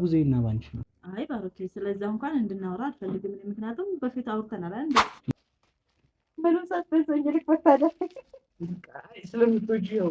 ቡዜና ባንቺ ነው። አይ ባሮቴ፣ ስለዛ እንኳን እንድናወራ አልፈልግም። ምክንያቱም በፊት አውርተናል። አንድ በሉሳት በሰኝ ልክ ወታደ ስለምትወጂ ያው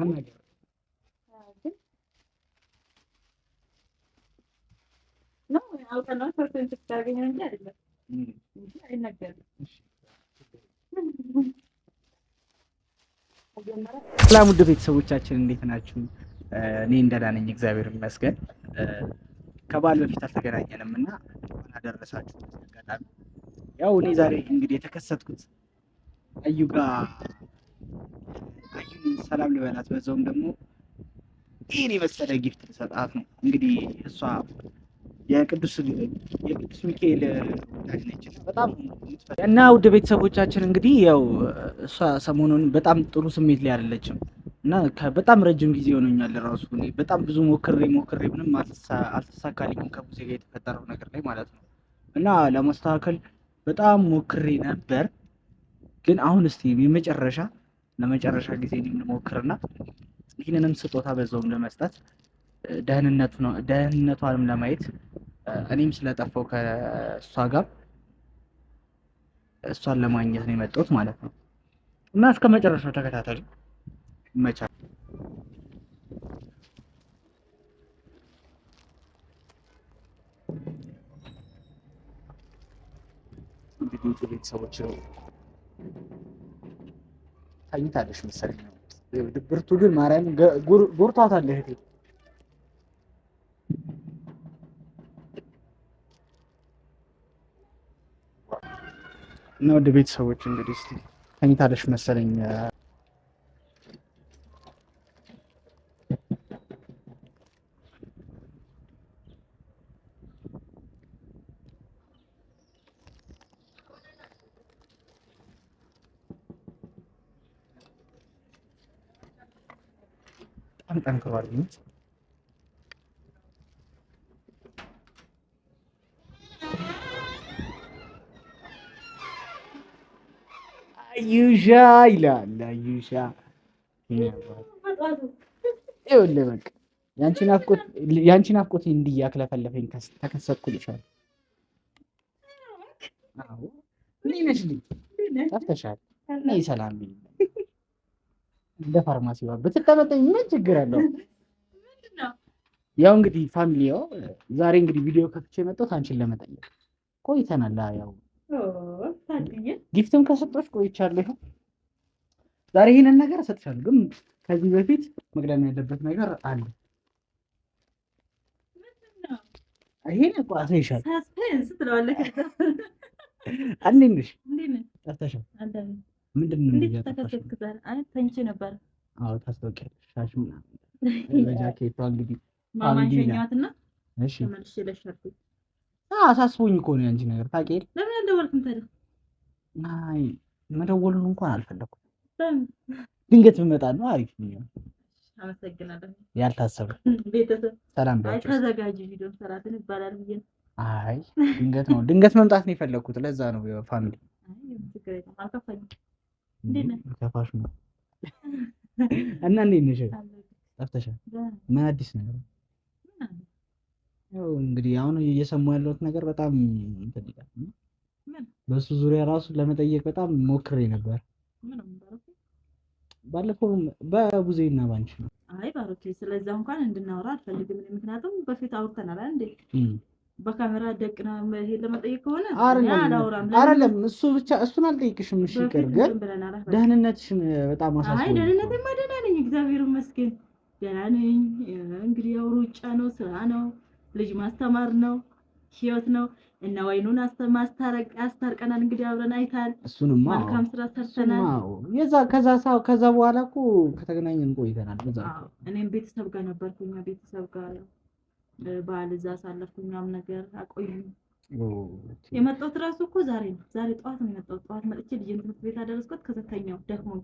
መናገር ነው። አውቀናል። ፐርሰንት ስታገኘ ሰላም ውድ ቤተሰቦቻችን እንዴት ናችሁ? እኔ እንደዳነኝ እግዚአብሔር ይመስገን። ከበዓል በፊት አልተገናኘንም እና እንኳን አደረሳችሁ። አጋጣሚ ያው እኔ ዛሬ እንግዲህ የተከሰትኩት አዩ ጋር አዩን ሰላም ልበላት፣ በዛውም ደግሞ ይህን የመሰለ ጊፍት ልሰጣት ነው። እንግዲህ እሷ የቅዱስ ሚካኤል ወዳጅ ነች በጣም እና ውድ ቤተሰቦቻችን እንግዲህ ያው እሷ ሰሞኑን በጣም ጥሩ ስሜት ላይ አይደለችም። እና በጣም ረጅም ጊዜ ሆኖኛል። ራሱ በጣም ብዙ ሞክሬ ሞክሬ ምንም አልተሳካልኝም ከሙሴ ጋር የተፈጠረው ነገር ላይ ማለት ነው። እና ለማስተካከል በጣም ሞክሬ ነበር፣ ግን አሁን እስቲ የመጨረሻ ለመጨረሻ ጊዜ የምንሞክርና ይህንንም ስጦታ በዛውም ለመስጠት ደህንነቷንም ለማየት እኔም ስለጠፋው ከእሷ ጋር እሷን ለማግኘት ነው የመጣሁት ማለት ነው። እና እስከ መጨረሻው ተከታተሉ። ይመቻል። እንግዲህ ቤተሰቦች ነው ታይታለሽ መሰለኝ። ድብርቱ ግን ማርያም ጎርቷታል እህቴ እና ወደ ቤተሰቦች እንግዲህ እስኪ ተኝታለሽ መሰለኝ። በጣም ጠንክሯል። አዩሻ ይላል። አዩሻ ይኸውልህ በቃ ያንቺ ናፍቆት እንዲህ ያክለፈለፈኝ ተከሰትኩልሻል። እኔ ነሽ ጠፍተሻል። ሰላም ልኝ እንደ ፋርማሲ ብትጠመጠኝ ምን ችግር አለው? ያው እንግዲህ ፋሚሊ ያው ዛሬ እንግዲህ ቪዲዮ ከፍቼ የመጣሁት አንቺን ለመጠየቅ ቆይተናል። ያው ጊፍትም ከሰጦች ቆይቻለሁ። ዛሬ ይህንን ነገር እሰጥሻለሁ፣ ግን ከዚህ በፊት መቅደም ያለበት ነገር አለ። ይሄን ቋሰ ይሻል። ምንድን ነው ተከሰክሰን? አይ ተኝቼ ነበር። አዎ ታስታውቂያለሽ። ሻሽ ምናምን በጃኬቷ እንግዲህ ማማን ሸኛትና እሺ አሳስቦኝ እኮ ነው ያንቺ ነገር ታውቂያለሽ። ለምን አልደወልክም ታዲያ? አይ መደወሉን እንኳን አልፈለኩም። ድንገት ብመጣ ነው አሪፍ ነው። አመሰግናለሁ። ያልታሰበ ቤተሰብ ሰላም ተዘጋጅ ቪዲዮ ሰራትን ይባላል ብዬ አይ ድንገት ነው ድንገት መምጣት ነው የፈለግኩት። ለዛ ነው ፋሚሊ ከፋሽ ነው እና እንዴት ነሽ? ጠፍተሻል። ምን አዲስ ነገር? ያው እንግዲህ አሁን እየሰሙ ያለሁት ነገር በጣም ይፈልጋል። በእሱ ዙሪያ ራሱ ለመጠየቅ በጣም ሞክሬ ነበር። ባለፈው በቡዜ እና ባንቺ ነው። አይ ባሮኬ፣ ስለዛ እንኳን እንድናወራ አልፈልግም። ምክንያቱም በፊት አውርተናል እንዴ በካሜራ ደቅና መሄድ ለመጠየቅ ከሆነ አይደለም። እሱ ብቻ እሱን አልጠይቅሽም። እሺ ይቅር፣ ግን ደህንነትሽን በጣም አሳስቦ። አይ ደህንነትማ ደህና ነኝ፣ እግዚአብሔር ይመስገን ደህና ነኝ። እንግዲህ ያው ሩጫ ነው፣ ስራ ነው፣ ልጅ ማስተማር ነው፣ ህይወት ነው እና ወይኑን አስታርቀናል። እንግዲህ አብረን አይታል። እሱንማ መልካም ስራ ሰርተናል። የዛ ከዛ ሰው ከዛ በኋላ እኮ ከተገናኘን ቆይተናል። እኔም ቤተሰብ ጋር ነበርኩኛ ቤተሰብ ጋር በዓል እዛ አሳለፍኩ ምናምን ነገር አቆዩኝ። የመጣሁት እራሱ እኮ ዛሬ ነው። ዛሬ ጠዋት ነው የመጣሁት። ጠዋት መጥቼ ልጅን ትምህርት ቤት አደረስኩት። ከዛ ደግሞ ደክሞኝ።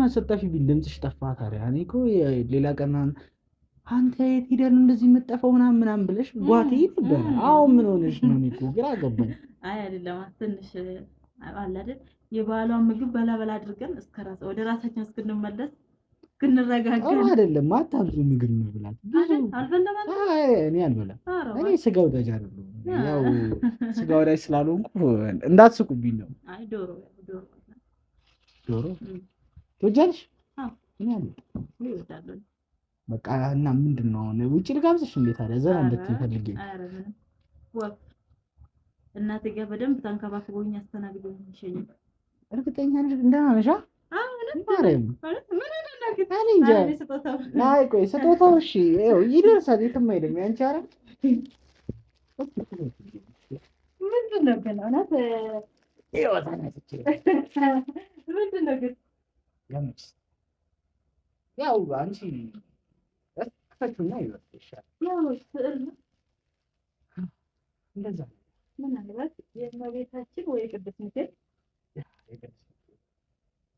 ማሰጣሽ ሰጣሽ ቢል ድምፅሽ ጠፋ። ታዲያ እኔ እኮ ሌላ ቀን አንተ የት ሂደን እንደዚህ የምጠፋው ምናምን ምናምን ብለሽ ጓቴ ነበር። አሁን ምን ሆነሽ ነው? እኔ እኮ ግራ ገባኝ። አይ አይደለም ትንሽ አለ አይደል የበዓሏን ምግብ በላ በላ አድርገን እስከ ራስ ወደ ራሳችን እስክንመለስ አይደለም አታብዙ፣ ምግብ መብላት እኔ አልበላም። እኔ ስጋ ወዳጅ አይደለሁም። ያው ስጋ ወዳጅ ስላልሆንኩ እንዳትስቁብኝ ነው። ዶሮ ትወጃለሽ? እኔ አልወጣም። በቃ እና ምንድን ነው አሁን ውጭ ልጋብዘሽ? እንዴት አለ ዘና እንድትይ ፈልጌ እናቴ በደንብ ተንከባክቦኝ አስተናግዶኝ ይሸኛል። እርግጠኛ ነሽ እንደናነሻ ቆይ ስጦታው እሺ ይደርሳል፣ የትም አይልም። ያንቺ አረ ምንድን ነው ግን እውነት ምንድን ነው ግን ያው አንቺ ከፈችና ይወስድሻል። እንደዛ ምናልባት የእመቤታችን ወይ ቅዱስ ሚካኤል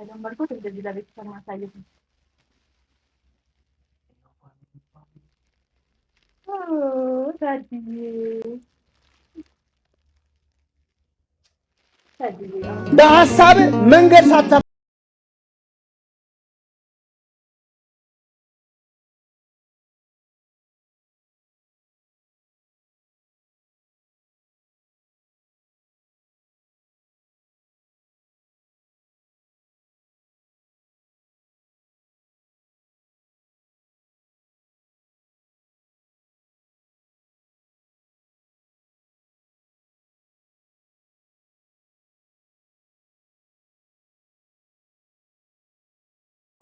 የጀመርኩት እንደዚህ ለቤተሰብ ማሳየት ነው። በሀሳብ መንገድ ሳታፍ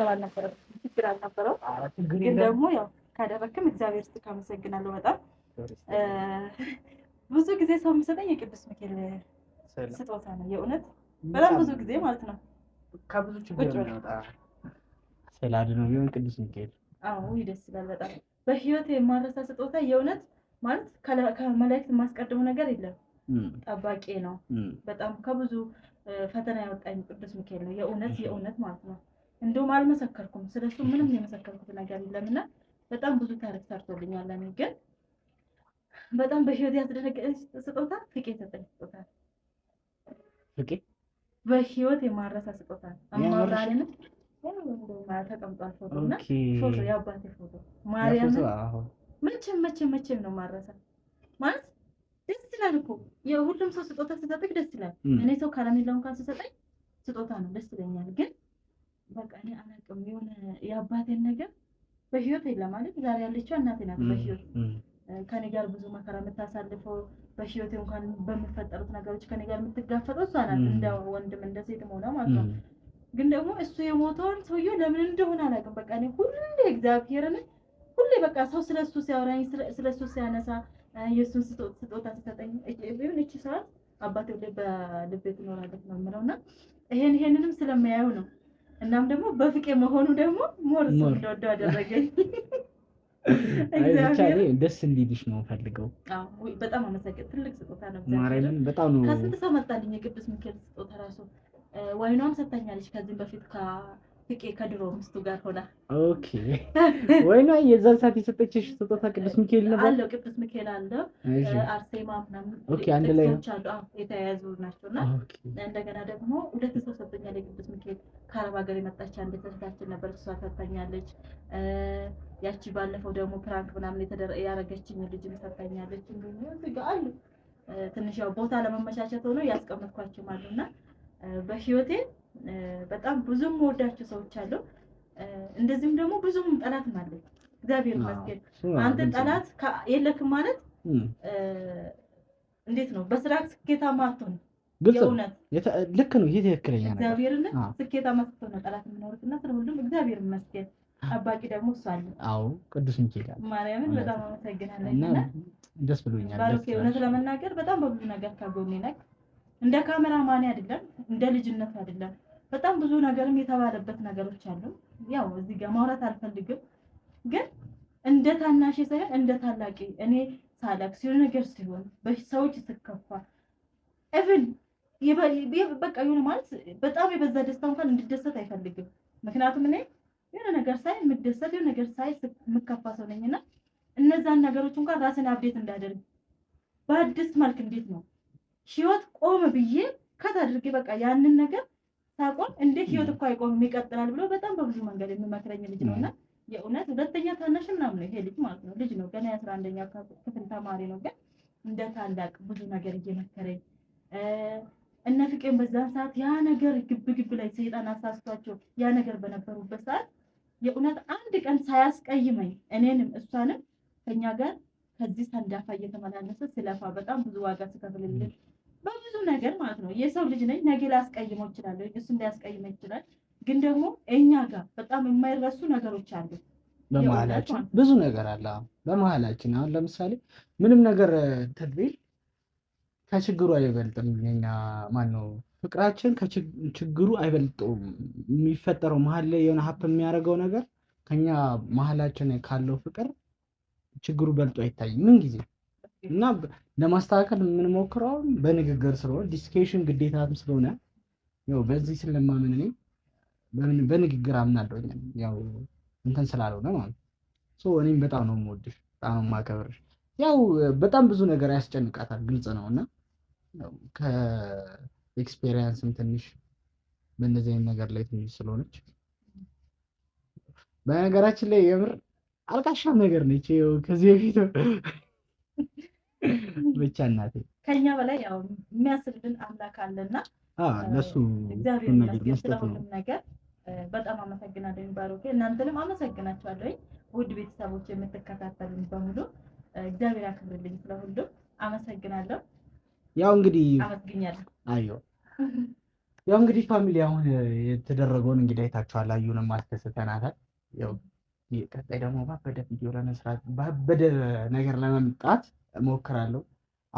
ማሰብ አልነበረም፣ ችግር አልነበረው። ግን ደግሞ ያው ካደረክም እግዚአብሔር ስትክ ካመሰግናለሁ። በጣም ብዙ ጊዜ ሰው የሚሰጠኝ የቅዱስ ሚካኤል ስጦታ ነው። የእውነት በጣም ብዙ ጊዜ ማለት ነው ከብዙ ቢሆን ቅዱስ ሚካኤል ደስ ይላል በጣም በህይወት የማረሳ ስጦታ የእውነት ማለት ከመላእክት የማስቀድመው ነገር የለም። ጠባቂ ነው። በጣም ከብዙ ፈተና ያወጣኝ ቅዱስ ሚካኤል ነው። የእውነት የእውነት ማለት ነው። እንደውም አልመሰከርኩም ስለሱ ምንም የመሰከርኩት ነገር የለምና በጣም ብዙ ታሪክ ሰርቶልኛል። ለኔ ግን በጣም በህይወት ያስደነገጠኝ ስጦታ ፍቄ የሰጠኝ ስጦታ ፍቄ በህይወት የማረሳ ስጦታ አማራለን ተቀምጧል። ፎቶ የአባቴ ፎቶ ማርያም መቼም መቼም መቼም ነው ማረሳ ማለት ደስ ይላል እኮ የሁሉም ሰው ስጦታ ሲሰጠኝ ደስ ይላል። እኔ ሰው ካለሜላውን ካን ሲሰጠኝ ስጦታ ነው ደስ ይለኛል ግን በቃ እኔ አላውቅም። የሆነ የአባቴን ነገር በህይወት የለም ማለት ዛሬ ያለችው እናቴ ናት። በህይወት ከኔ ጋር ብዙ መከራ የምታሳልፈው በህይወት እንኳን በሚፈጠሩት ነገሮች ከኔ ጋር የምትጋፈጠው እሷ ናት። እንደ ወንድም እንደ ሴት ሆነ ማለት ነው። ግን ደግሞ እሱ የሞተውን ሰውየ ለምን እንደሆነ አላውቅም። በቃ እኔ ሁሌ እግዚአብሔር ሁሌ በቃ ሰው ስለ እሱ ሲያወራኝ፣ ስለ እሱ ሲያነሳ፣ የእሱን ስጦታ ስሰጠኝ ቢሆን እቺ ሰዓት አባቴ ሁሌ በልቤ ትኖራለች ነው የምለው እና ይሄን ይሄንንም ስለሚያየው ነው እናም ደግሞ በፍቄ መሆኑ ደግሞ ሞር እንደወደው አደረገኝ። ደስ እንዲልሽ ነው ፈልገው። በጣም አመሰግን። ትልቅ ስጦታ ነው። በጣም ነው ከስንት ሰው መጣልኝ የቅዱስ ሚካኤል ስጦታ ራሱ ዋይኗም ሰጥታኛለች ከዚህም በፊት ፍቄ ከድሮ ሚስቱ ጋር ሆና ኦኬ። ወይና የዛን ሰዓት የሰጠችሽ ስጦታ ቅዱስ ሚካኤል ነበር አለው። ቅዱስ ሚካኤል አለው፣ አርሴማ ምናምን ኦኬ፣ አንድ ላይ አሉ፣ የተያያዙ ናቸው። እና እንደገና ደግሞ ሁለት ሰው ሰጠኛል ሚካኤል። ከአረብ ሀገር የመጣች አንድ ነበር፣ እሷ ሰጠኛለች። ያቺ ባለፈው ደግሞ ፕራንክ ምናምን ያረገችኝ ልጅ ሰጠኛለች። ትንሽ ያው ቦታ ለመመቻቸት ሆኖ ያስቀመጥኳቸው አሉ እና በህይወቴ በጣም ብዙ መወዳቸው ሰዎች አሉ። እንደዚህም ደግሞ ብዙም ጠላትም አለ። እግዚአብሔር ይመስገን። አንተ ጠላት የለክም ማለት እንዴት ነው? በስራ ስኬታማ አትሆን። ልክ ነው። ይሄ ትክክለኛ ነው። እግዚአብሔርን ስኬታማ ስትሆን ጠላት የሚኖሩት እና ሁሉም እግዚአብሔር ይመስገን። ጠባቂ ደግሞ እሱ አለ። አዎ ቅዱስ ሚካኤል ማርያምን በጣም አመሰግናለሁ። ደስ ብሎኛል። እውነት ለመናገር በጣም በብዙ ነገር ከጎኔ ነክ እንደ ካሜራ ማን አይደለም፣ እንደ ልጅነት አይደለም። በጣም ብዙ ነገርም የተባለበት ነገሮች አሉ። ያው እዚህ ጋር ማውራት አልፈልግም፣ ግን እንደ ታናሽ ሳይሆን እንደ ታላቂ እኔ ሳላቅ ሲሆን ነገር ሲሆን በሰዎች ስከፋ እብን በቃ የሆነ ማለት በጣም የበዛ ደስታ እንኳን እንድደሰት አይፈልግም። ምክንያቱም እኔ የሆነ ነገር ሳይ የምደሰት የሆነ ነገር ሳይ የምከፋ ሰው ነኝና እነዛን ነገሮች እንኳን ራስን አብዴት እንዳደርግ በአዲስ መልክ እንዴት ነው ህይወት ቆም ብዬ ከታድርጌ በቃ ያንን ነገር ሳቆም እንዴት ህይወት እኮ አይቆምም ይቀጥላል ብሎ በጣም በብዙ መንገድ የሚመክረኝ ልጅ ነው እና የእውነት ሁለተኛ ታናሽ ምናምን ነው ይሄ ልጅ ማለት ነው። ልጅ ነው ገና የአስራ አንደኛ ክፍል ተማሪ ነው። ግን እንደ ታላቅ ብዙ ነገር እየመከረኝ እነ ፍቄም በዛን ሰዓት ያ ነገር ግብ ግብ ላይ ሰይጣን አሳስቷቸው ያ ነገር በነበሩበት ሰዓት የእውነት አንድ ቀን ሳያስቀይመኝ እኔንም እሷንም ከኛ ጋር ከዚህ ሰንዳፋ እየተመላለሰ ስለፋ በጣም ብዙ ዋጋ ስከፍልልህ በብዙ ነገር ማለት ነው። የሰው ልጅ ነኝ፣ ነገ ላስቀይመው ይችላል፣ እሱም ሊያስቀይመው ይችላል። ግን ደግሞ እኛ ጋር በጣም የማይረሱ ነገሮች አሉ። በመሀላችን ብዙ ነገር አለ። በመሀላችን አሁን ለምሳሌ ምንም ነገር ትድቤል ከችግሩ አይበልጥም። የኛ ማነው ፍቅራችን ከችግሩ አይበልጥም። የሚፈጠረው መሀል ላይ የሆነ ሀፕ የሚያደርገው ነገር ከኛ መሀላችን ካለው ፍቅር ችግሩ በልጦ አይታይም ምን ጊዜ እና ለማስተካከል የምንሞክረው በንግግር ስለሆነ ዲስኬሽን ግዴታ ስለሆነ ያው በዚህ ስለማምን እኔ በንግግር አምናለሁ። ያው እንትን ስላልሆነ ማለት ነው። እኔም በጣም ነው የምወድሽ፣ በጣም ነው የማከብርሽ። ያው በጣም ብዙ ነገር ያስጨንቃታል፣ ግልጽ ነው እና ከኤክስፔሪየንስም ትንሽ በእነዚህ አይነት ነገር ላይ ትንሽ ስለሆነች በነገራችን ላይ የምር አልቃሻ ነገር ነች። ከዚህ በፊት ብቻ እናቴ ከኛ በላይ ያው የሚያስብልን አምላክ አለና ለሱ ነገር ነገር በጣም አመሰግናለሁ ባሮኬ፣ እናንተንም አመሰግናቸዋለሁ። ውድ ቤተሰቦች የምትከታተሉን በሙሉ እግዚአብሔር ያክብርልኝ። ስለሁሉም አመሰግናለሁ። ያው እንግዲህ አመስግኛለሁ። ያው እንግዲህ ፋሚሊ፣ አሁን የተደረገውን እንግዲህ አይታችኋል። አዩንም አስደስተናታል ያው ቀጣይ ደግሞ ባበደ ቪዲዮ ለመስራት ባበደ ነገር ለመምጣት እሞክራለሁ።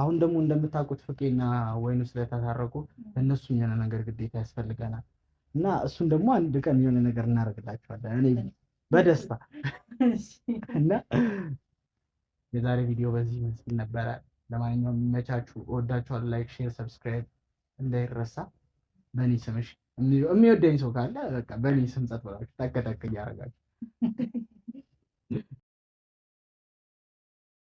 አሁን ደግሞ እንደምታውቁት ፍቄና ወይኑ ስለተታረቁ ለእነሱ የሆነ ነገር ግዴታ ያስፈልገናል እና እሱን ደግሞ አንድ ቀን የሆነ ነገር እናደርግላቸዋለን። እኔ በደስታ እና የዛሬ ቪዲዮ በዚህ መስል ነበረ። ለማንኛውም የሚመቻችሁ እወዳችኋለሁ። ላይክ፣ ሼር፣ ሰብስክራይብ እንዳይረሳ። በእኔ ስምሽ የሚወደኝ ሰው ካለ በቃ በእኔ ስም ጸጥ ብላችሁ ጠቀጠቅ እያደረጋችሁ 对。